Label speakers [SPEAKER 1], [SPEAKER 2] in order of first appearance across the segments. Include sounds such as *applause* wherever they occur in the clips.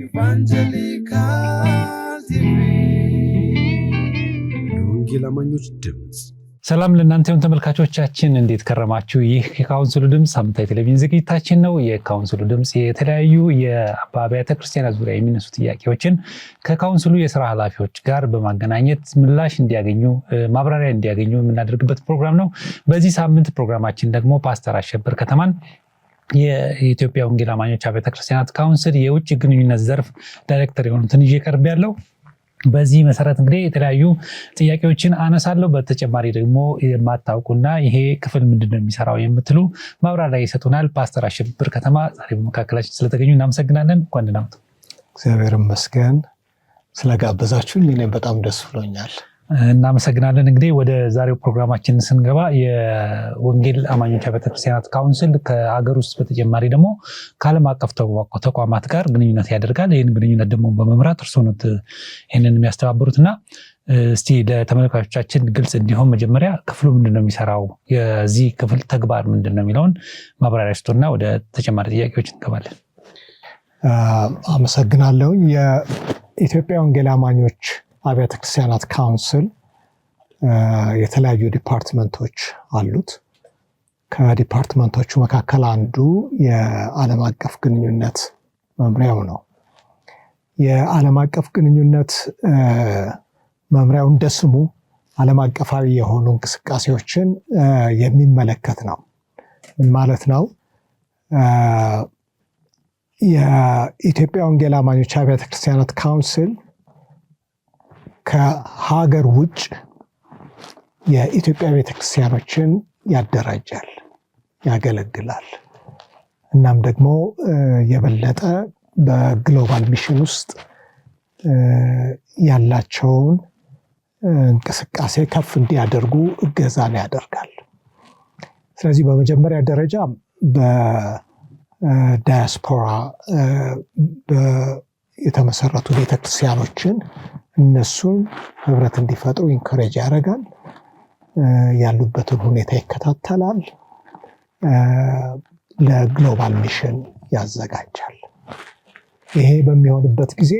[SPEAKER 1] የወንጌል አማኞች ድምፅ። ሰላም ለእናንተ ይሁን ተመልካቾቻችን፣ እንዴት ከረማችሁ? ይህ የካውንስሉ ድምፅ ሳምንታዊ ቴሌቪዥን ዝግጅታችን ነው። የካውንስሉ ድምፅ የተለያዩ በአብያተ ክርስቲያናት ዙሪያ የሚነሱ ጥያቄዎችን ከካውንስሉ የስራ ኃላፊዎች ጋር በማገናኘት ምላሽ እንዲያገኙ ማብራሪያ እንዲያገኙ የምናደርግበት ፕሮግራም ነው። በዚህ ሳምንት ፕሮግራማችን ደግሞ ፓስተር አሸበር ከተማን የኢትዮጵያ ወንጌል አማኞች አብያተ ክርስቲያናት ካውንስል የውጭ ግንኙነት ዘርፍ ዳይሬክተር የሆኑትን ይዤ ቀርብ ያለው በዚህ መሰረት እንግዲህ የተለያዩ ጥያቄዎችን አነሳለሁ። በተጨማሪ ደግሞ የማታውቁና ይሄ ክፍል ምንድን ነው የሚሰራው የምትሉ ማብራሪያ ይሰጡናል። ፓስተር አሸብር ከተማ ዛሬ በመካከላችን ስለተገኙ እናመሰግናለን። ጓንናምቱ
[SPEAKER 2] እግዚአብሔር ይመስገን ስለጋበዛችሁ እኔም በጣም ደስ ብሎኛል።
[SPEAKER 1] እናመሰግናለን። እንግዲህ ወደ ዛሬው ፕሮግራማችን ስንገባ የወንጌል አማኞች ቤተክርስቲያናት ካውንስል ከሀገር ውስጥ በተጨማሪ ደግሞ ከዓለም አቀፍ ተቋማት ጋር ግንኙነት ያደርጋል። ይህን ግንኙነት ደግሞ በመምራት እርስዎት ይህንን የሚያስተባብሩት እና እስቲ ለተመልካቾቻችን ግልጽ እንዲሆን መጀመሪያ ክፍሉ ምንድን ነው የሚሰራው፣ የዚህ ክፍል ተግባር ምንድን ነው የሚለውን ማብራሪያ ስቶና ወደ ተጨማሪ ጥያቄዎች እንገባለን።
[SPEAKER 2] አመሰግናለሁ። የኢትዮጵያ ወንጌል አማኞች አብያተ ክርስቲያናት ካውንስል የተለያዩ ዲፓርትመንቶች አሉት። ከዲፓርትመንቶቹ መካከል አንዱ የዓለም አቀፍ ግንኙነት መምሪያው ነው። የዓለም አቀፍ ግንኙነት መምሪያው እንደ ስሙ ዓለም አቀፋዊ የሆኑ እንቅስቃሴዎችን የሚመለከት ነው። ምን ማለት ነው? የኢትዮጵያ ወንጌል አማኞች አብያተ ክርስቲያናት ካውንስል ከሀገር ውጭ የኢትዮጵያ ቤተክርስቲያኖችን ያደራጃል፣ ያገለግላል። እናም ደግሞ የበለጠ በግሎባል ሚሽን ውስጥ ያላቸውን እንቅስቃሴ ከፍ እንዲያደርጉ እገዛን ያደርጋል። ስለዚህ በመጀመሪያ ደረጃ በዳያስፖራ የተመሰረቱ ቤተክርስቲያኖችን እነሱም ህብረት እንዲፈጥሩ ኢንኮሬጅ ያደርጋል። ያሉበትን ሁኔታ ይከታተላል። ለግሎባል ሚሽን ያዘጋጃል። ይሄ በሚሆንበት ጊዜ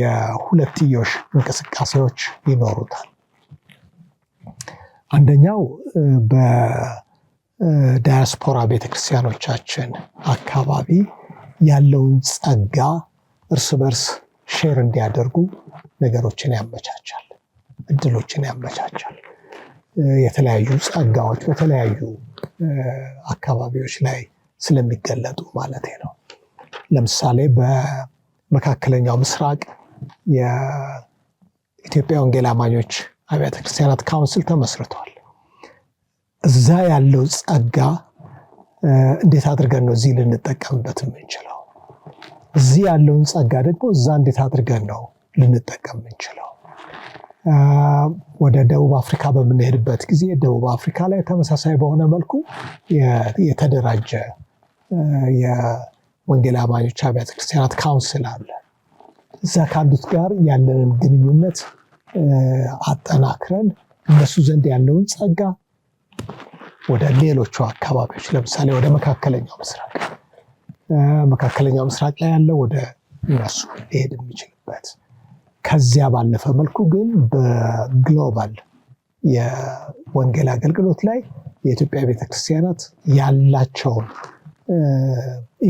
[SPEAKER 2] የሁለትዮሽ እንቅስቃሴዎች ይኖሩታል። አንደኛው በዳያስፖራ ቤተክርስቲያኖቻችን አካባቢ ያለውን ጸጋ እርስ በርስ ሼር እንዲያደርጉ ነገሮችን ያመቻቻል፣ እድሎችን ያመቻቻል። የተለያዩ ጸጋዎች በተለያዩ አካባቢዎች ላይ ስለሚገለጡ ማለት ነው። ለምሳሌ በመካከለኛው ምስራቅ የኢትዮጵያ ወንጌል አማኞች አብያተ ክርስቲያናት ካውንስል ተመስርቷል። እዛ ያለው ጸጋ እንዴት አድርገን ነው እዚህ ልንጠቀምበት የምንችለው? እዚህ ያለውን ጸጋ ደግሞ እዛ እንዴት አድርገን ነው ልንጠቀም የምንችለው። ወደ ደቡብ አፍሪካ በምንሄድበት ጊዜ ደቡብ አፍሪካ ላይ ተመሳሳይ በሆነ መልኩ የተደራጀ የወንጌል አማኞች አብያተ ክርስቲያናት ካውንስል አለ። እዛ ካሉት ጋር ያለንን ግንኙነት አጠናክረን እነሱ ዘንድ ያለውን ጸጋ ወደ ሌሎቹ አካባቢዎች ለምሳሌ ወደ መካከለኛው ምስራቅ መካከለኛው ምስራቅ ላይ ያለው ወደ እነሱ ሊሄድ የሚችልበት ከዚያ ባለፈ መልኩ ግን በግሎባል የወንጌል አገልግሎት ላይ የኢትዮጵያ ቤተክርስቲያናት ያላቸውን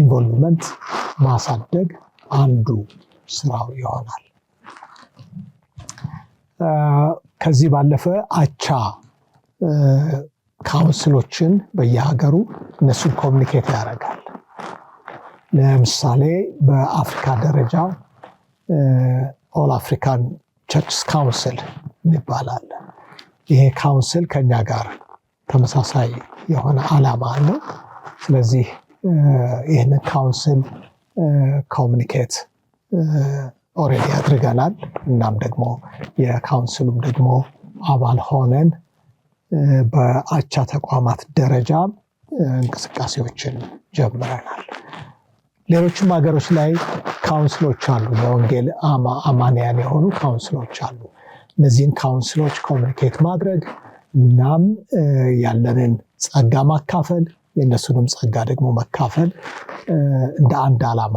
[SPEAKER 2] ኢንቮልቭመንት ማሳደግ አንዱ ስራው ይሆናል። ከዚህ ባለፈ አቻ ካውንስሎችን በየሀገሩ እነሱን ኮሚኒኬት ያደርጋል። ለምሳሌ በአፍሪካ ደረጃ ኦል አፍሪካን ቸርችስ ካውንስል ይባላል። ይሄ ካውንስል ከኛ ጋር ተመሳሳይ የሆነ አላማ አለው። ስለዚህ ይህንን ካውንስል ኮሚኒኬት ኦልሬዲ አድርገናል። እናም ደግሞ የካውንስሉም ደግሞ አባል ሆነን በአቻ ተቋማት ደረጃ እንቅስቃሴዎችን ጀምረናል። ሌሎችም ሀገሮች ላይ ካውንስሎች አሉ። የወንጌል አማንያን የሆኑ ካውንስሎች አሉ። እነዚህን ካውንስሎች ኮሚኒኬት ማድረግ እናም ያለንን ጸጋ ማካፈል የእነሱንም ጸጋ ደግሞ መካፈል እንደ አንድ ዓላማ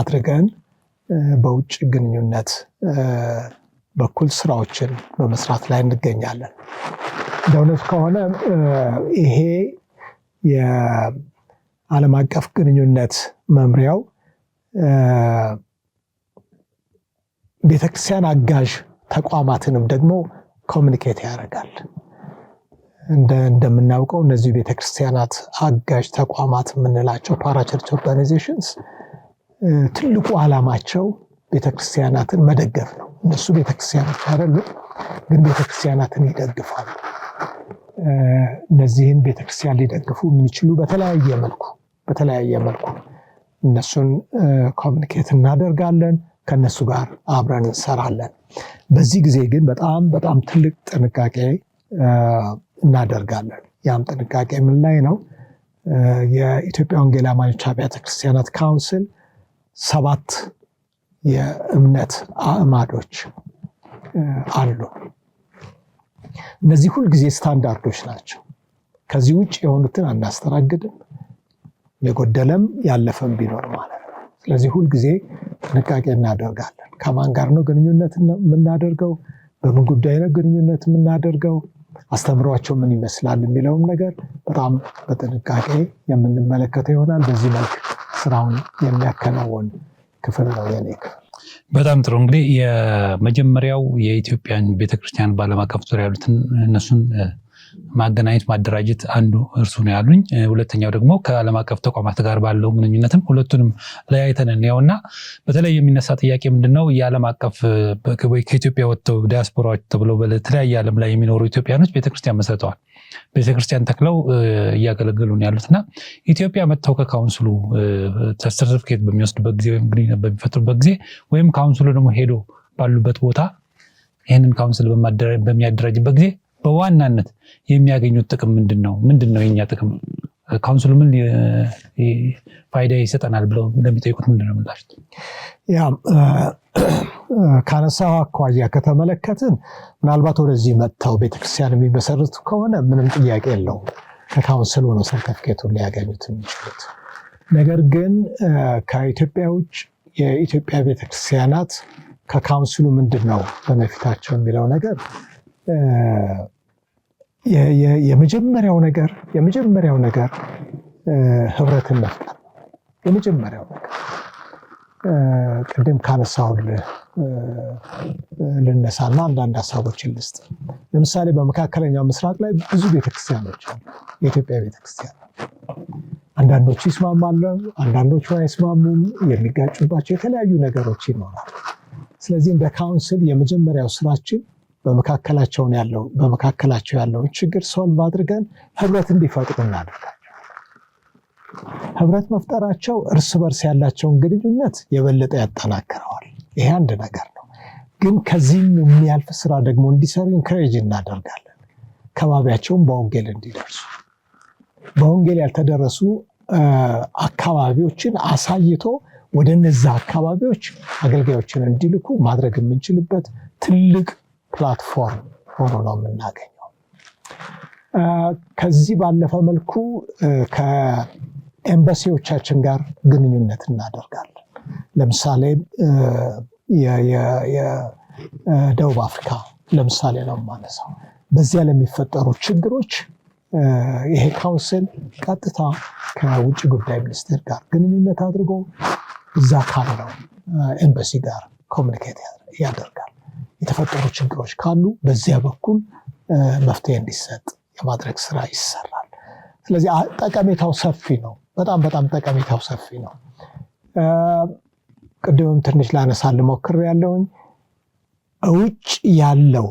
[SPEAKER 2] አድርገን በውጭ ግንኙነት በኩል ስራዎችን በመስራት ላይ እንገኛለን። እንደ እውነቱ ከሆነ ይሄ ዓለም አቀፍ ግንኙነት መምሪያው ቤተክርስቲያን አጋዥ ተቋማትንም ደግሞ ኮሚኒኬት ያደርጋል። እንደምናውቀው እነዚህ ቤተክርስቲያናት አጋዥ ተቋማት የምንላቸው ፓራቸርች ኦርጋናይዜሽንስ ትልቁ ዓላማቸው ቤተክርስቲያናትን መደገፍ ነው። እነሱ ቤተክርስቲያኖች አይደሉም፣ ግን ቤተክርስቲያናትን ይደግፋሉ። እነዚህን ቤተክርስቲያን ሊደግፉ የሚችሉ በተለያየ መልኩ በተለያየ መልኩ እነሱን ኮሚኒኬት እናደርጋለን። ከነሱ ጋር አብረን እንሰራለን። በዚህ ጊዜ ግን በጣም በጣም ትልቅ ጥንቃቄ እናደርጋለን። ያም ጥንቃቄ ምን ላይ ነው? የኢትዮጵያ አማኞች አብያተ ክርስቲያናት ካውንስል ሰባት የእምነት አእማዶች አሉ። እነዚህ ሁልጊዜ ስታንዳርዶች ናቸው። ከዚህ ውጭ የሆኑትን አናስተናግድም። የጎደለም ያለፈም ቢኖር ማለት ነው። ስለዚህ ሁልጊዜ ጥንቃቄ እናደርጋለን። ከማን ጋር ነው ግንኙነት የምናደርገው? በምን ጉዳይ ነው ግንኙነት የምናደርገው? አስተምሯቸው ምን ይመስላል የሚለውም ነገር በጣም በጥንቃቄ የምንመለከተው ይሆናል። በዚህ መልክ ስራውን የሚያከናውን ክፍል ነው የኔ ክፍል።
[SPEAKER 1] በጣም ጥሩ እንግዲህ የመጀመሪያው የኢትዮጵያን ቤተክርስቲያን በዓለም አቀፍ ዙሪያ ያሉትን እነሱን ማገናኘት ማደራጀት አንዱ እርሱ ነው ያሉኝ። ሁለተኛው ደግሞ ከዓለም አቀፍ ተቋማት ጋር ባለው ግንኙነትም ሁለቱንም አይተን እንየው እና በተለይ የሚነሳ ጥያቄ ምንድነው የዓለም አቀፍ ከኢትዮጵያ ወጥተው ዲያስፖራዎች ተብሎ በተለያየ ዓለም ላይ የሚኖሩ ኢትዮጵያኖች ቤተክርስቲያን መስርተዋል። ቤተክርስቲያን ተክለው እያገለገሉ ነው ያሉት እና ኢትዮጵያ መጥተው ከካውንስሉ ሰርቲፊኬት በሚወስድበት ጊዜ ወይም ግንኙነት በሚፈጥሩበት ጊዜ ወይም ካውንስሉ ደግሞ ሄዶ ባሉበት ቦታ ይህንን ካውንስል በሚያደራጅበት ጊዜ በዋናነት የሚያገኙት ጥቅም ምንድን ነው? ምንድን ነው የኛ ጥቅም? ካውንስሉ ምን ፋይዳ ይሰጠናል ብለው ለሚጠይቁት ምንድን ነው ምላሽት?
[SPEAKER 2] ያ *clears throat* አኳያ ከተመለከትን ምናልባት ወደዚህ መጥተው ቤተክርስቲያን የሚመሰርቱ ከሆነ ምንም ጥያቄ የለውም። ከካውንስሉ ነው ሰርተፍኬቱን ሊያገኙት የሚችሉት። ነገር ግን ከኢትዮጵያ ውጭ የኢትዮጵያ ቤተክርስቲያናት ከካውንስሉ ምንድን ነው በመፊታቸው የሚለው ነገር የመጀመሪያው ነገር የመጀመሪያው ነገር ህብረትን መፍጠር የመጀመሪያው ነገር ቅድም ካነሳውል ልነሳና አንዳንድ ሀሳቦችን ልስጥ። ለምሳሌ በመካከለኛው ምስራቅ ላይ ብዙ ቤተክርስቲያኖች አሉ። የኢትዮጵያ ቤተክርስቲያን አንዳንዶቹ ይስማማሉ፣ አንዳንዶቹ አይስማሙም። የሚጋጩባቸው የተለያዩ ነገሮች ይኖራሉ። ስለዚህ በካውንስል የመጀመሪያው ስራችን በመካከላቸውን ያለው በመካከላቸው ያለውን ችግር ሶልቭ አድርገን ህብረት እንዲፈጥሩ እናደርጋል። ህብረት መፍጠራቸው እርስ በርስ ያላቸውን ግንኙነት የበለጠ ያጠናክረዋል። ይሄ አንድ ነገር ነው። ግን ከዚህም የሚያልፍ ስራ ደግሞ እንዲሰሩ ኢንክሬጅ እናደርጋለን። ከባቢያቸውን በወንጌል እንዲደርሱ በወንጌል ያልተደረሱ አካባቢዎችን አሳይቶ ወደ እነዛ አካባቢዎች አገልጋዮችን እንዲልኩ ማድረግ የምንችልበት ትልቅ ፕላትፎርም ሆኖ ነው የምናገኘው። ከዚህ ባለፈ መልኩ ከኤምባሲዎቻችን ጋር ግንኙነት እናደርጋለን። ለምሳሌ የደቡብ አፍሪካ ለምሳሌ ነው የማነሳው። በዚያ ለሚፈጠሩ ችግሮች ይሄ ካውንስል ቀጥታ ከውጭ ጉዳይ ሚኒስቴር ጋር ግንኙነት አድርጎ እዛ ካለው ኤምባሲ ጋር ኮሚኒኬት ያደርጋል። የተፈጠሩ ችግሮች ካሉ በዚያ በኩል መፍትሄ እንዲሰጥ የማድረግ ስራ ይሰራል። ስለዚህ ጠቀሜታው ሰፊ ነው። በጣም በጣም ጠቀሜታው ሰፊ ነው። ቅድምም ትንሽ ላነሳ ልሞክር ያለውኝ እውጭ ያለው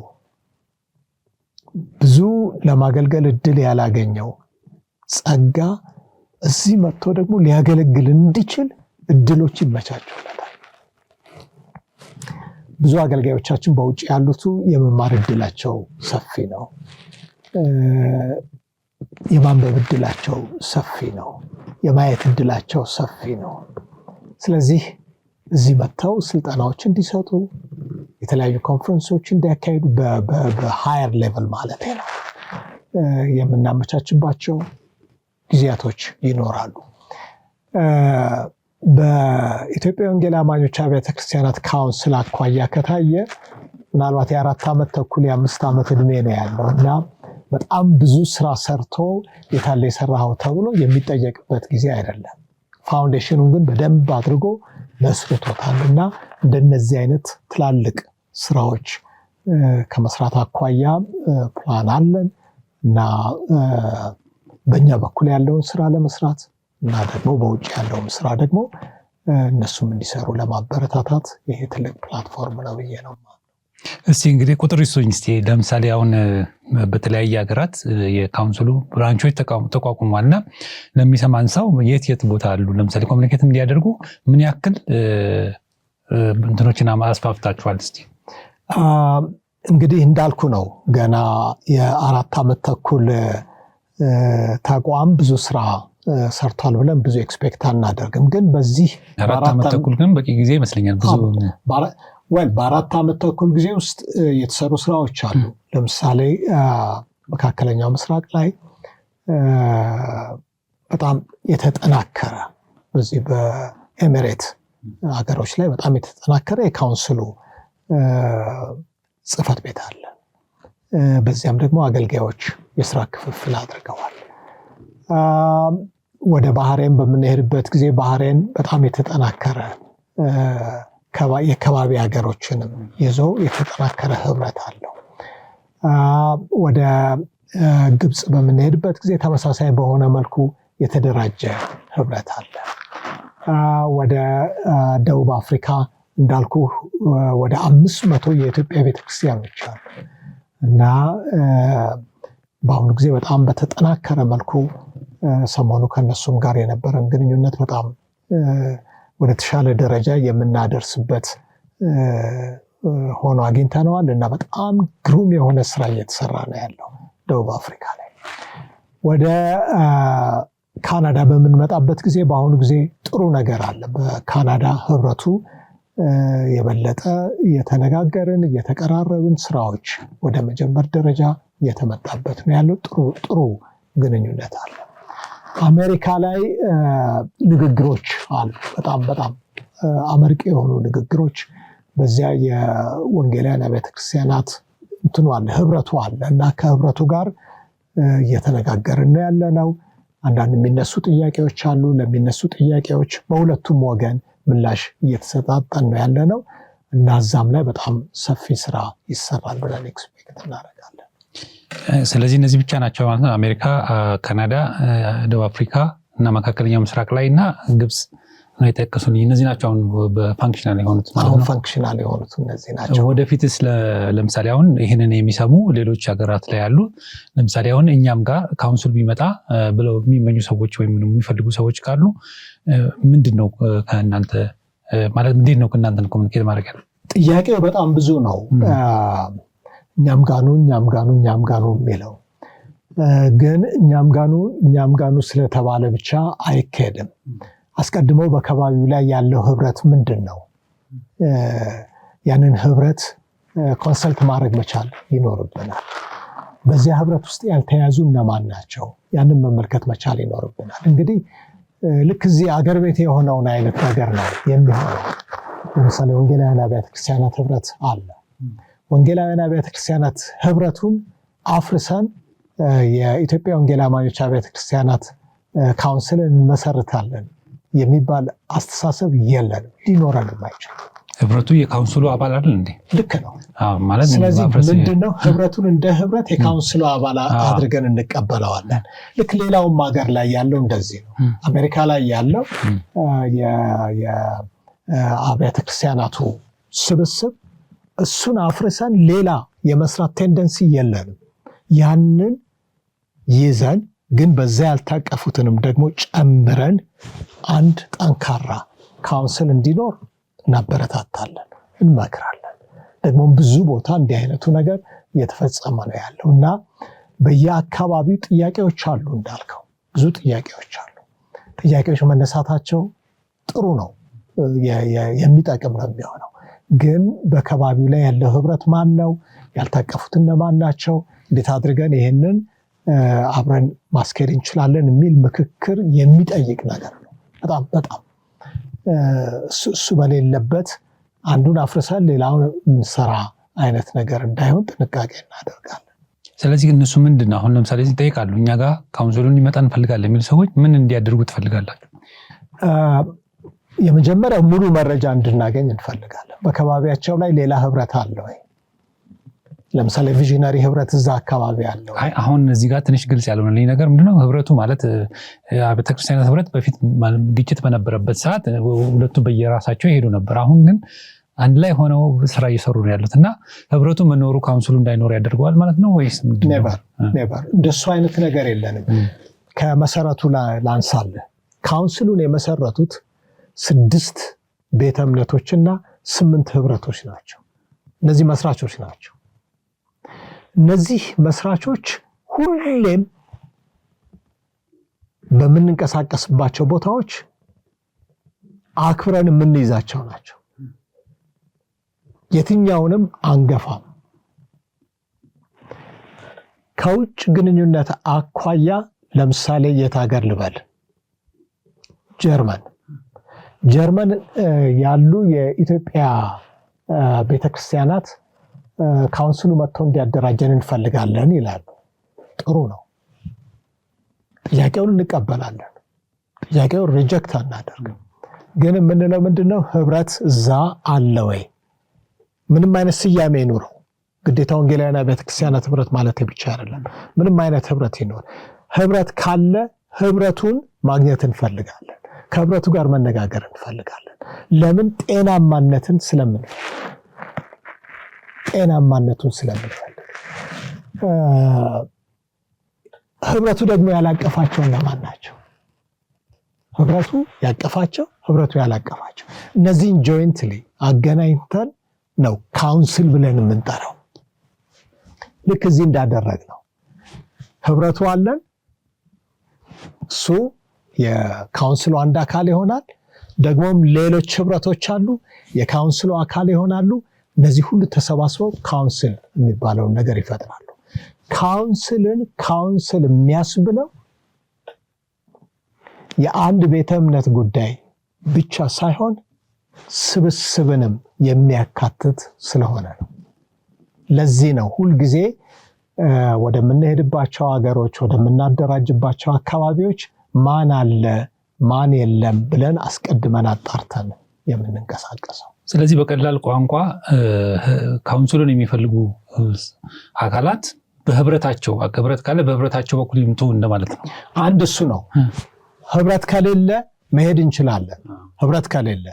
[SPEAKER 2] ብዙ ለማገልገል እድል ያላገኘው ጸጋ እዚህ መጥቶ ደግሞ ሊያገለግል እንዲችል እድሎች ይመቻቹላል። ብዙ አገልጋዮቻችን በውጭ ያሉቱ የመማር እድላቸው ሰፊ ነው። የማንበብ እድላቸው ሰፊ ነው። የማየት እድላቸው ሰፊ ነው። ስለዚህ እዚህ መጥተው ስልጠናዎች እንዲሰጡ የተለያዩ ኮንፈረንሶች እንዲያካሄዱ በሃየር ሌቨል ማለት ነው የምናመቻችባቸው ጊዜያቶች ይኖራሉ። በኢትዮጵያ ወንጌል አማኞች አብያተ ክርስቲያናት ካውንስል አኳያ ከታየ ምናልባት የአራት ዓመት ተኩል የአምስት ዓመት እድሜ ነው ያለው እና በጣም ብዙ ስራ ሰርቶ የታለ የሰራኸው ተብሎ የሚጠየቅበት ጊዜ አይደለም። ፋውንዴሽኑን ግን በደንብ አድርጎ መስርቶታል እና እንደነዚህ አይነት ትላልቅ ስራዎች ከመስራት አኳያ ፕላን አለን እና በእኛ በኩል ያለውን ስራ ለመስራት እና ደግሞ በውጭ ያለውም ስራ ደግሞ እነሱም እንዲሰሩ ለማበረታታት ይሄ ትልቅ ፕላትፎርም ነው ብዬ ነው።
[SPEAKER 1] እስቲ እንግዲህ ቁጥር ይስጡኝ ስ ለምሳሌ አሁን በተለያየ ሀገራት የካውንስሉ ብራንቾች ተቋቁሟል እና ለሚሰማን ሰው የት የት ቦታ አሉ? ለምሳሌ ኮሚኒኬት እንዲያደርጉ ምን ያክል እንትኖችን አስፋፍታችኋል? እስቲ
[SPEAKER 2] እንግዲህ እንዳልኩ ነው ገና የአራት ዓመት ተኩል ተቋም ብዙ ስራ ሰርቷል ብለን ብዙ ኤክስፔክት አናደርግም። ግን በዚህ
[SPEAKER 1] አራት ዓመት ተኩል ግን በቂ ጊዜ ይመስለኛል። ብዙ
[SPEAKER 2] በአራት ዓመት ተኩል ጊዜ ውስጥ የተሰሩ ስራዎች አሉ። ለምሳሌ መካከለኛው ምስራቅ ላይ በጣም የተጠናከረ በዚህ በኤሚሬት ሀገሮች ላይ በጣም የተጠናከረ የካውንስሉ ጽህፈት ቤት አለ። በዚያም ደግሞ አገልጋዮች የስራ ክፍፍል አድርገዋል። ወደ ባህሬን በምንሄድበት ጊዜ ባህሬን በጣም የተጠናከረ የከባቢ ሀገሮችንም ይዞ የተጠናከረ ህብረት አለው። ወደ ግብፅ በምንሄድበት ጊዜ ተመሳሳይ በሆነ መልኩ የተደራጀ ህብረት አለ። ወደ ደቡብ አፍሪካ እንዳልኩ ወደ አምስት መቶ የኢትዮጵያ ቤተክርስቲያኖች አሉ እና በአሁኑ ጊዜ በጣም በተጠናከረ መልኩ ሰሞኑ ከነሱም ጋር የነበረን ግንኙነት በጣም ወደ ተሻለ ደረጃ የምናደርስበት ሆኖ አግኝተነዋል እና በጣም ግሩም የሆነ ስራ እየተሰራ ነው ያለው ደቡብ አፍሪካ ላይ። ወደ ካናዳ በምንመጣበት ጊዜ በአሁኑ ጊዜ ጥሩ ነገር አለ። በካናዳ ህብረቱ የበለጠ እየተነጋገርን እየተቀራረብን ስራዎች ወደ መጀመር ደረጃ እየተመጣበት ነው ያለው። ጥሩ ጥሩ ግንኙነት አለ። አሜሪካ ላይ ንግግሮች አሉ። በጣም በጣም አመርቂ የሆኑ ንግግሮች በዚያ የወንጌላውያን ቤተክርስቲያናት እንትኑ አለ ህብረቱ አለ እና ከህብረቱ ጋር እየተነጋገርን ነው አንዳንድ የሚነሱ ጥያቄዎች አሉ። ለሚነሱ ጥያቄዎች በሁለቱም ወገን ምላሽ እየተሰጣጠን ነው ያለነው እና እዛም ላይ በጣም ሰፊ ስራ ይሰራል ብለን ኤክስፔክት እናደርጋለን።
[SPEAKER 1] ስለዚህ እነዚህ ብቻ ናቸው ማለት ነው። አሜሪካ፣ ካናዳ፣ ደቡብ አፍሪካ እና መካከለኛው ምስራቅ ላይ እና ግብፅ ነው የጠቀሱ። እነዚህ ናቸው አሁን በፋንክሽናል የሆኑት
[SPEAKER 2] አሁን ፋንክሽናል የሆኑት እነዚህ
[SPEAKER 1] ናቸው። ወደፊትስ ለምሳሌ አሁን ይህንን የሚሰሙ ሌሎች ሀገራት ላይ ያሉ ለምሳሌ አሁን እኛም ጋር ካውንስል ቢመጣ ብለው የሚመኙ ሰዎች ወይም የሚፈልጉ ሰዎች ካሉ ምንድን ነው ከእናንተ ማለት እንዴት ነው ከእናንተን ኮሚኒኬት ማድረግ ያለ
[SPEAKER 2] ጥያቄው በጣም ብዙ ነው። እኛም ጋኑ እኛም ጋኑ እኛም ጋኑ የሚለው ግን እኛም ጋኑ እኛም ጋኑ ስለተባለ ብቻ አይካሄድም። አስቀድሞ በከባቢው ላይ ያለው ህብረት ምንድን ነው? ያንን ህብረት ኮንሰልት ማድረግ መቻል ይኖርብናል። በዚያ ህብረት ውስጥ ያልተያዙ እነማን ናቸው? ያንን መመልከት መቻል ይኖርብናል። እንግዲህ ልክ እዚህ አገር ቤት የሆነውን አይነት ነገር ነው የሚሆነው። ለምሳሌ ወንጌላውያን አብያተ ክርስቲያናት ህብረት አለ። ወንጌላውያን አብያተ ክርስቲያናት ህብረቱን አፍርሰን የኢትዮጵያ ወንጌል አማኞች አብያተ ክርስቲያናት ካውንስልን እንመሰርታለን የሚባል አስተሳሰብ የለንም፣ ሊኖረን የማይችል
[SPEAKER 1] ህብረቱ የካውንስሉ አባል አይደል እንዴ?
[SPEAKER 2] ልክ ነው። ስለዚህ ምንድነው ህብረቱን እንደ ህብረት የካውንስሉ አባል አድርገን እንቀበለዋለን። ልክ ሌላውም ሀገር ላይ ያለው እንደዚህ ነው። አሜሪካ ላይ ያለው የአብያተ ክርስቲያናቱ ስብስብ እሱን አፍርሰን ሌላ የመስራት ቴንደንሲ የለንም። ያንን ይዘን ግን በዛ ያልታቀፉትንም ደግሞ ጨምረን አንድ ጠንካራ ካውንስል እንዲኖር እናበረታታለን፣ እንመክራለን። ደግሞ ብዙ ቦታ እንዲህ አይነቱ ነገር እየተፈጸመ ነው ያለው እና በየአካባቢው ጥያቄዎች አሉ፣ እንዳልከው ብዙ ጥያቄዎች አሉ። ጥያቄዎች መነሳታቸው ጥሩ ነው፣ የሚጠቅም ነው የሚሆነው ግን በከባቢው ላይ ያለው ህብረት ማን ነው? ያልታቀፉት እነማን ናቸው? እንዴት አድርገን ይህንን አብረን ማስኬድ እንችላለን የሚል ምክክር የሚጠይቅ ነገር ነው። በጣም በጣም እሱ በሌለበት አንዱን አፍርሰን ሌላውን እንሰራ አይነት ነገር እንዳይሆን ጥንቃቄ እናደርጋለን።
[SPEAKER 1] ስለዚህ እነሱ ምንድን ነው አሁን ለምሳሌ ይጠይቃሉ፣ እኛ ጋር ካውንስሉን ሊመጣ እንፈልጋለን የሚሉ ሰዎች ምን እንዲያደርጉ ትፈልጋላችሁ?
[SPEAKER 2] የመጀመሪያው ሙሉ መረጃ እንድናገኝ እንፈልጋለን። በከባቢያቸው ላይ ሌላ ህብረት አለ ወይ? ለምሳሌ ቪዥነሪ ህብረት እዛ አካባቢ አለው።
[SPEAKER 1] አሁን እዚህ ጋር ትንሽ ግልጽ ያልሆነልኝ ነገር ምንድነው? ህብረቱ ማለት ቤተክርስቲያናት ህብረት በፊት ግጭት በነበረበት ሰዓት ሁለቱ በየራሳቸው ይሄዱ ነበር። አሁን ግን አንድ ላይ ሆነው ስራ እየሰሩ ነው ያሉት እና ህብረቱ መኖሩ ካውንስሉ እንዳይኖር ያደርገዋል ማለት ነው ወይስ?
[SPEAKER 2] እንደሱ አይነት ነገር የለንም። ከመሰረቱ ላንሳለ ካውንስሉን የመሰረቱት ስድስት ቤተ እምነቶችና ስምንት ህብረቶች ናቸው። እነዚህ መስራቾች ናቸው። እነዚህ መስራቾች ሁሌም በምንንቀሳቀስባቸው ቦታዎች አክብረን የምንይዛቸው ናቸው። የትኛውንም አንገፋም። ከውጭ ግንኙነት አኳያ ለምሳሌ የት ሀገር ልበል? ጀርመን ጀርመን ያሉ የኢትዮጵያ ቤተክርስቲያናት ካውንስሉ መጥቶ እንዲያደራጀን እንፈልጋለን ይላሉ። ጥሩ ነው። ጥያቄውን እንቀበላለን። ጥያቄውን ሪጀክት አናደርግም። ግን የምንለው ምንድን ነው? ህብረት እዛ አለ ወይ? ምንም አይነት ስያሜ ይኑረው፣ ግዴታ ወንጌላዊና ቤተክርስቲያናት ህብረት ማለት ብቻ አይደለም። ምንም አይነት ህብረት ይኖር፣ ህብረት ካለ ህብረቱን ማግኘት እንፈልጋለን። ከህብረቱ ጋር መነጋገር እንፈልጋለን። ለምን ጤናማነትን ስለምንፈልግ ጤናማነቱን ስለምንፈልግ ህብረቱ ደግሞ ያላቀፋቸው እነማን ናቸው? ህብረቱ ያቀፋቸው፣ ህብረቱ ያላቀፋቸው እነዚህን ጆይንትሊ አገናኝተን ነው ካውንስል ብለን የምንጠራው። ልክ እዚህ እንዳደረግ ነው ህብረቱ አለን እሱ የካውንስሉ አንድ አካል ይሆናል። ደግሞም ሌሎች ህብረቶች አሉ፣ የካውንስሉ አካል ይሆናሉ። እነዚህ ሁሉ ተሰባስበው ካውንስል የሚባለውን ነገር ይፈጥራሉ። ካውንስልን ካውንስል የሚያስብለው የአንድ ቤተ እምነት ጉዳይ ብቻ ሳይሆን ስብስብንም የሚያካትት ስለሆነ ነው። ለዚህ ነው ሁልጊዜ ወደምንሄድባቸው ሀገሮች፣ ወደምናደራጅባቸው አካባቢዎች ማን አለ ማን የለም ብለን አስቀድመን አጣርተን የምንንቀሳቀሰው።
[SPEAKER 1] ስለዚህ በቀላል ቋንቋ ካውንስሉን የሚፈልጉ አካላት በህብረታቸው ህብረት ካለ በህብረታቸው በኩል ይምቱ እንደማለት ነው።
[SPEAKER 2] አንድ እሱ ነው። ህብረት ከሌለ መሄድ እንችላለን። ህብረት ከሌለ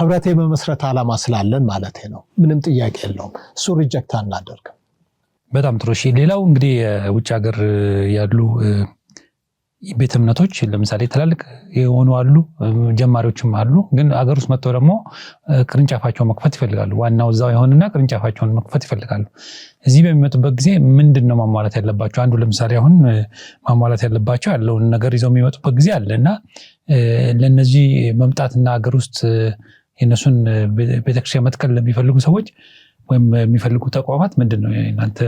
[SPEAKER 2] ህብረት የመመስረት ዓላማ ስላለን ማለት ነው። ምንም ጥያቄ የለውም። እሱ ሪጀክት አናደርግም።
[SPEAKER 1] በጣም ጥሩ። ሌላው እንግዲህ የውጭ ሀገር ያሉ ቤተ እምነቶች ለምሳሌ ትላልቅ የሆኑ አሉ፣ ጀማሪዎችም አሉ። ግን አገር ውስጥ መጥተው ደግሞ ቅርንጫፋቸውን መክፈት ይፈልጋሉ። ዋናው እዛው የሆንና ቅርንጫፋቸውን መክፈት ይፈልጋሉ። እዚህ በሚመጡበት ጊዜ ምንድን ነው ማሟላት ያለባቸው? አንዱ ለምሳሌ አሁን ማሟላት ያለባቸው ያለውን ነገር ይዘው የሚመጡበት ጊዜ አለ እና ለእነዚህ መምጣትና አገር ውስጥ የእነሱን ቤተክርስቲያን መትከል ለሚፈልጉ ሰዎች ወይም የሚፈልጉ ተቋማት ምንድን ነው እናንተ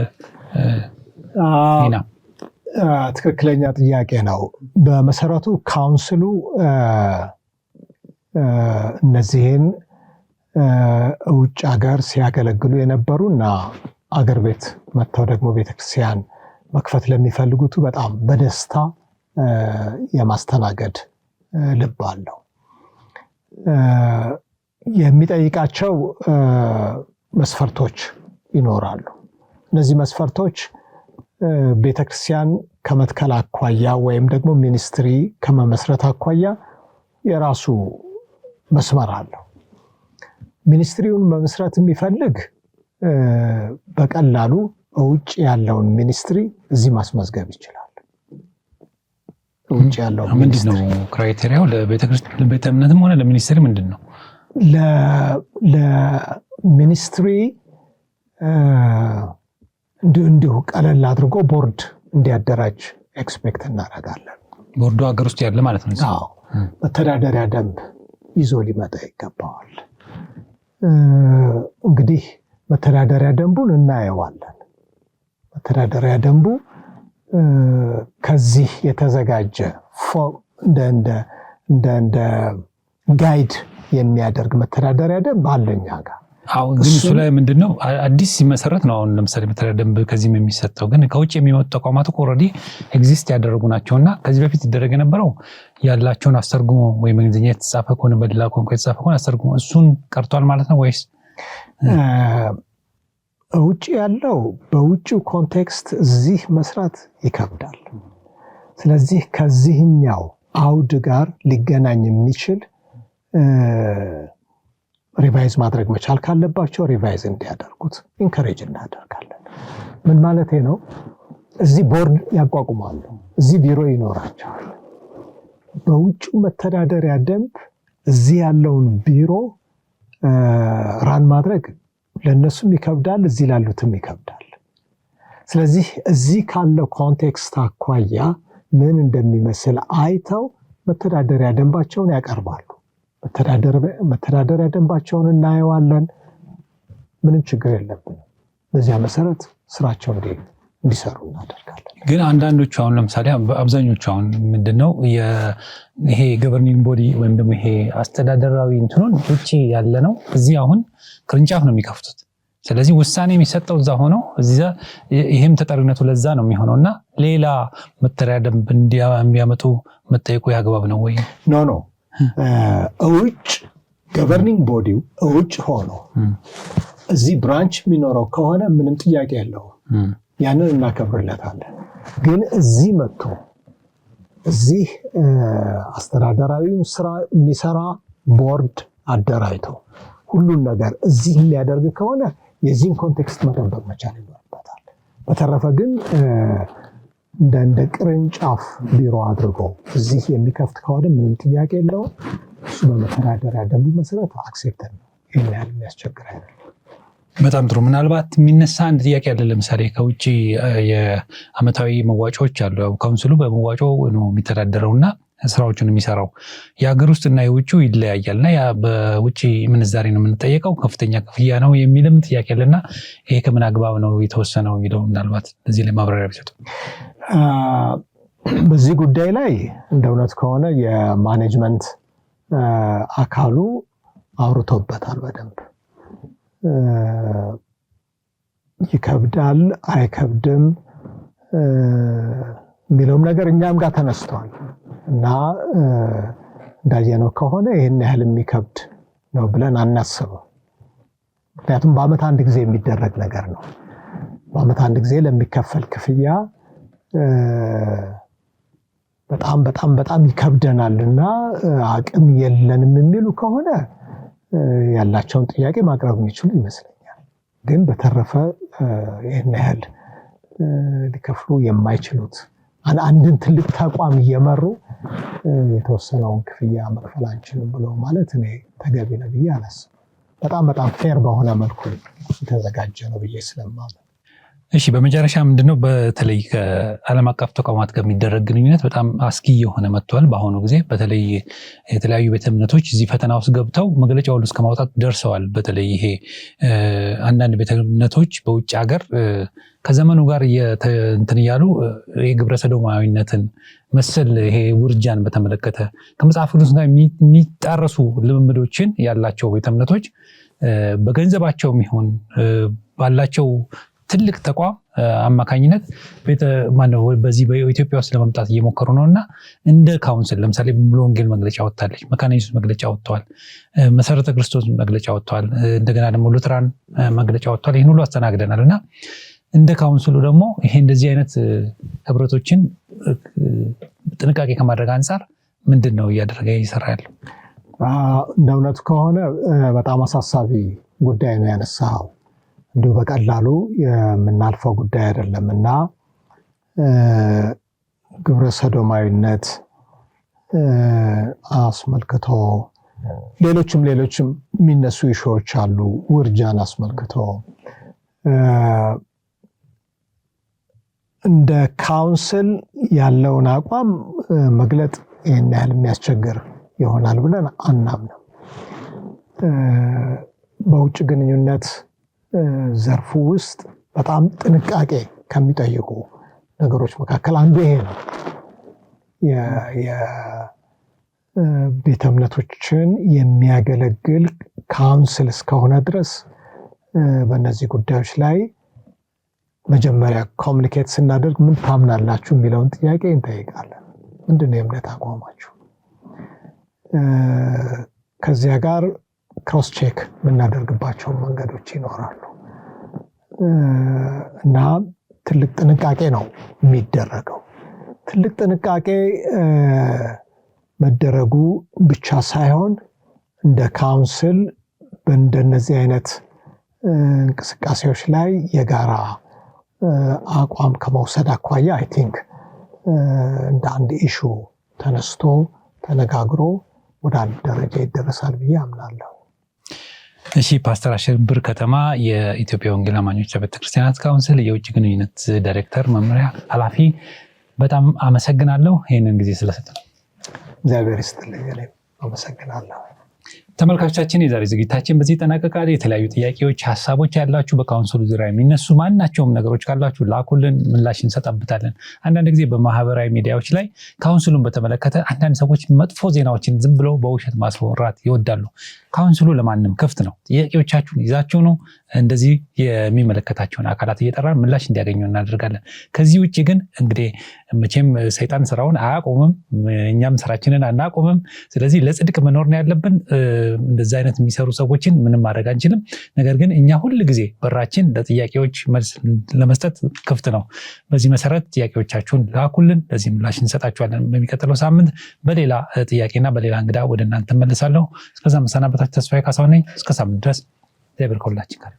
[SPEAKER 1] ሚና?
[SPEAKER 2] ትክክለኛ ጥያቄ ነው። በመሰረቱ ካውንስሉ እነዚህን ውጭ ሀገር ሲያገለግሉ የነበሩ እና አገር ቤት መጥተው ደግሞ ቤተክርስቲያን መክፈት ለሚፈልጉቱ በጣም በደስታ የማስተናገድ ልብ አለው። የሚጠይቃቸው መስፈርቶች ይኖራሉ። እነዚህ መስፈርቶች ቤተክርስቲያን ከመትከል አኳያ ወይም ደግሞ ሚኒስትሪ ከመመስረት አኳያ የራሱ መስመር አለው። ሚኒስትሪውን መመስረት የሚፈልግ በቀላሉ ውጭ ያለውን ሚኒስትሪ እዚህ ማስመዝገብ ይችላል።
[SPEAKER 1] ውጭ ያለው ምንድን ነው ክራይቴሪያው? ለቤተ እምነትም ሆነ ለሚኒስትሪ ምንድን ነው?
[SPEAKER 2] ለሚኒስትሪ እንዲሁ ቀለል አድርጎ ቦርድ እንዲያደራጅ ኤክስፔክት እናደርጋለን።
[SPEAKER 1] ቦርዱ ሀገር ውስጥ ያለ ማለት
[SPEAKER 2] ነው። መተዳደሪያ ደንብ ይዞ ሊመጣ ይገባዋል። እንግዲህ መተዳደሪያ ደንቡን እናየዋለን። መተዳደሪያ ደንቡ ከዚህ የተዘጋጀ እንደ ጋይድ የሚያደርግ መተዳደሪያ ደንብ አለኛ ጋር
[SPEAKER 1] አሁን ግን እሱ ላይ ምንድን ነው አዲስ ሲመሰረት ነው። አሁን ለምሳሌ መተዳደሪያ ደንብ ከዚህም የሚሰጠው ግን ከውጭ የሚመጡ ተቋማት ኦልሬዲ ኤግዚስት ያደረጉ ናቸው እና ከዚህ በፊት ይደረግ የነበረው ያላቸውን አስተርጉሞ ወይም እንግሊዝኛ የተጻፈ ከሆነ በሌላ ቋንቋ የተጻፈ ከሆነ አስተርጉሞ እሱን ቀርቷል ማለት ነው ወይስ
[SPEAKER 2] ውጭ ያለው በውጭ ኮንቴክስት እዚህ መስራት ይከብዳል። ስለዚህ ከዚህኛው አውድ ጋር ሊገናኝ የሚችል ሪቫይዝ ማድረግ መቻል ካለባቸው ሪቫይዝ እንዲያደርጉት ኢንከሬጅ እናደርጋለን። ምን ማለት ነው? እዚህ ቦርድ ያቋቁማሉ፣ እዚህ ቢሮ ይኖራቸዋል። በውጭ መተዳደሪያ ደንብ እዚህ ያለውን ቢሮ ራን ማድረግ ለእነሱም ይከብዳል፣ እዚህ ላሉትም ይከብዳል። ስለዚህ እዚህ ካለው ኮንቴክስት አኳያ ምን እንደሚመስል አይተው መተዳደሪያ ደንባቸውን ያቀርባሉ። መተዳደሪያ ደንባቸውን እናየዋለን። ምንም ችግር የለብንም። በዚያ መሰረት ስራቸው እንዲሰሩ እናደርጋለን።
[SPEAKER 1] ግን አንዳንዶቹ አሁን ለምሳሌ አብዛኞቹ አሁን ምንድነው ይሄ ገቨርኒንግ ቦዲ ወይም ደግሞ ይሄ አስተዳደራዊ እንትኑን ውጭ ያለ ነው። እዚህ አሁን ቅርንጫፍ ነው የሚከፍቱት። ስለዚህ ውሳኔ የሚሰጠው እዛ ሆነው ይህም ተጠሪነቱ ለዛ ነው የሚሆነው እና ሌላ መተዳደሪያ ደንብ እንዲያመጡ መጠየቁ ያግባብ ነው ወይ?
[SPEAKER 2] ኖ ኖ እውጭ ገቨርኒንግ ቦዲው እውጭ ሆኖ እዚህ ብራንች የሚኖረው ከሆነ ምንም ጥያቄ የለውም። ያንን እናከብርለታለን። ግን እዚህ መጥቶ እዚህ አስተዳደራዊውን ስራ የሚሰራ ቦርድ አደራጅቶ ሁሉን ነገር እዚህ የሚያደርግ ከሆነ የዚህን ኮንቴክስት መጠበቅ መቻል ይኖርበታል። በተረፈ ግን እንደ እንደ ቅርንጫፍ ቢሮ አድርጎ እዚህ የሚከፍት ከሆነ ምንም ጥያቄ የለውም። እሱ በመተዳደሪያ ደንቡ መሰረት አክሴፕት ነው። ይህን ያህል የሚያስቸግር አይደለም።
[SPEAKER 1] በጣም ጥሩ። ምናልባት የሚነሳ አንድ ጥያቄ አለ። ለምሳሌ ከውጭ የአመታዊ መዋጮዎች አሉ። ካውንስሉ በመዋጮ ነው የሚተዳደረው እና ስራዎቹን የሚሰራው የሀገር ውስጥ እና የውጭ ይለያያል እና በውጭ ምንዛሬ ነው የምንጠየቀው፣ ከፍተኛ ክፍያ ነው የሚልም ጥያቄ አለና ይሄ ከምን አግባብ ነው የተወሰነው የሚለው ምናልባት እዚህ ላይ ማብራሪያ ቢሰጡ።
[SPEAKER 2] በዚህ ጉዳይ ላይ እንደ እውነት ከሆነ የማኔጅመንት አካሉ አውርቶበታል በደንብ ይከብዳል አይከብድም የሚለውም ነገር እኛም ጋር ተነስቷል እና እንዳየነው ከሆነ ይህን ያህል የሚከብድ ነው ብለን አናስበው። ምክንያቱም በዓመት አንድ ጊዜ የሚደረግ ነገር ነው። በዓመት አንድ ጊዜ ለሚከፈል ክፍያ በጣም በጣም በጣም ይከብደናል እና አቅም የለንም የሚሉ ከሆነ ያላቸውን ጥያቄ ማቅረብ የሚችሉ ይመስለኛል። ግን በተረፈ ይህን ያህል ሊከፍሉ የማይችሉት አንድን ትልቅ ተቋም እየመሩ የተወሰነውን ክፍያ መክፈል አንችልም ብሎ ማለት እኔ ተገቢ ነው ብዬ አላስብም። በጣም በጣም ፌር በሆነ መልኩ የተዘጋጀ ነው ብዬ ስለማምን
[SPEAKER 1] እሺ በመጨረሻ ምንድነው በተለይ ከዓለም አቀፍ ተቋማት ጋር የሚደረግ ግንኙነት በጣም አስጊ የሆነ መጥቷል። በአሁኑ ጊዜ በተለይ የተለያዩ ቤተ እምነቶች እዚህ ፈተና ውስጥ ገብተው መግለጫ ሁሉ እስከ ማውጣት ደርሰዋል። በተለይ ይሄ አንዳንድ ቤተ እምነቶች በውጭ ሀገር ከዘመኑ ጋር እንትን እያሉ የግብረ ሰዶማዊነትን መሰል ይሄ ውርጃን በተመለከተ ከመጽሐፍ ቅዱስ ጋር የሚጣረሱ ልምምዶችን ያላቸው ቤተ እምነቶች በገንዘባቸውም ይሁን ባላቸው ትልቅ ተቋም አማካኝነት በዚህ በኢትዮጵያ ውስጥ ለመምጣት እየሞከሩ ነው እና እንደ ካውንስል ለምሳሌ ሙሉ ወንጌል መግለጫ ወጥታለች፣ መካነ መግለጫ ወጥተዋል፣ መሰረተ ክርስቶስ መግለጫ ወጥተዋል፣ እንደገና ደግሞ ሉትራን መግለጫ ወጥተዋል። ይህን ሁሉ አስተናግደናል እና እንደ ካውንስሉ ደግሞ ይሄ እንደዚህ አይነት ህብረቶችን ጥንቃቄ ከማድረግ አንጻር ምንድን ነው እያደረገ እየሰራ ያለው?
[SPEAKER 2] እንደ እውነቱ ከሆነ በጣም አሳሳቢ ጉዳይ ነው ያነሳው። እንዲሁ በቀላሉ የምናልፈው ጉዳይ አይደለም እና ግብረ ሰዶማዊነት አስመልክቶ ሌሎችም ሌሎችም የሚነሱ ይሾዎች አሉ። ውርጃን አስመልክቶ እንደ ካውንስል ያለውን አቋም መግለጥ ይህን ያህል የሚያስቸግር ይሆናል ብለን አናምንም። በውጭ ግንኙነት ዘርፉ ውስጥ በጣም ጥንቃቄ ከሚጠይቁ ነገሮች መካከል አንዱ ይሄ ነው። የቤተ እምነቶችን የሚያገለግል ካውንስል እስከሆነ ድረስ በእነዚህ ጉዳዮች ላይ መጀመሪያ ኮሚኒኬት ስናደርግ ምን ታምናላችሁ የሚለውን ጥያቄ እንጠይቃለን። ምንድነው የእምነት አቋማችሁ? ከዚያ ጋር ክሮስ ቼክ የምናደርግባቸው መንገዶች ይኖራሉ። እና ትልቅ ጥንቃቄ ነው የሚደረገው። ትልቅ ጥንቃቄ መደረጉ ብቻ ሳይሆን እንደ ካውንስል በእንደነዚህ አይነት እንቅስቃሴዎች ላይ የጋራ አቋም ከመውሰድ አኳያ አይ ቲንክ እንደ አንድ ኢሹ ተነስቶ ተነጋግሮ ወደ አንድ ደረጃ ይደረሳል ብዬ አምናለሁ።
[SPEAKER 1] እሺ ፓስተር አሸብር ከተማ የኢትዮጵያ ወንጌል አማኞች ቤተክርስቲያናት ካውንስል የውጭ ግንኙነት ዳይሬክተር መምሪያ ኃላፊ፣ በጣም አመሰግናለሁ ይህንን ጊዜ ስለሰጥ ነው።
[SPEAKER 2] እግዚአብሔር ይስጥልኝ። አመሰግናለሁ።
[SPEAKER 1] ተመልካቾቻችን የዛሬ ዝግጅታችን በዚህ ይጠናቀቃል። የተለያዩ ጥያቄዎች፣ ሀሳቦች ያላችሁ በካውንስሉ ዙሪያ የሚነሱ ማናቸውም ነገሮች ካላችሁ ላኩልን፣ ምላሽ እንሰጠብታለን። አንዳንድ ጊዜ በማህበራዊ ሚዲያዎች ላይ ካውንስሉን በተመለከተ አንዳንድ ሰዎች መጥፎ ዜናዎችን ዝም ብለው በውሸት ማስወራት ይወዳሉ። ካውንስሉ ለማንም ክፍት ነው። ጥያቄዎቻችሁን ይዛችሁ ነው እንደዚህ የሚመለከታቸውን አካላት እየጠራን ምላሽ እንዲያገኙ እናደርጋለን። ከዚህ ውጭ ግን እንግዲህ መቼም ሰይጣን ስራውን አያቆምም፣ እኛም ስራችንን አናቆምም። ስለዚህ ለጽድቅ መኖር ነው ያለብን። እንደዚህ አይነት የሚሰሩ ሰዎችን ምንም ማድረግ አንችልም። ነገር ግን እኛ ሁል ጊዜ በራችን ለጥያቄዎች መልስ ለመስጠት ክፍት ነው። በዚህ መሰረት ጥያቄዎቻችሁን ላኩልን፣ ለዚህ ምላሽ እንሰጣችኋለን። በሚቀጥለው ሳምንት በሌላ ጥያቄና በሌላ እንግዳ ወደ እናንተ መልሳለሁ። እስከዛ መሰናበታችሁ ተስፋዬ ካሳሁን ነኝ። እስከ ሳምንት ድረስ de ver con la chica.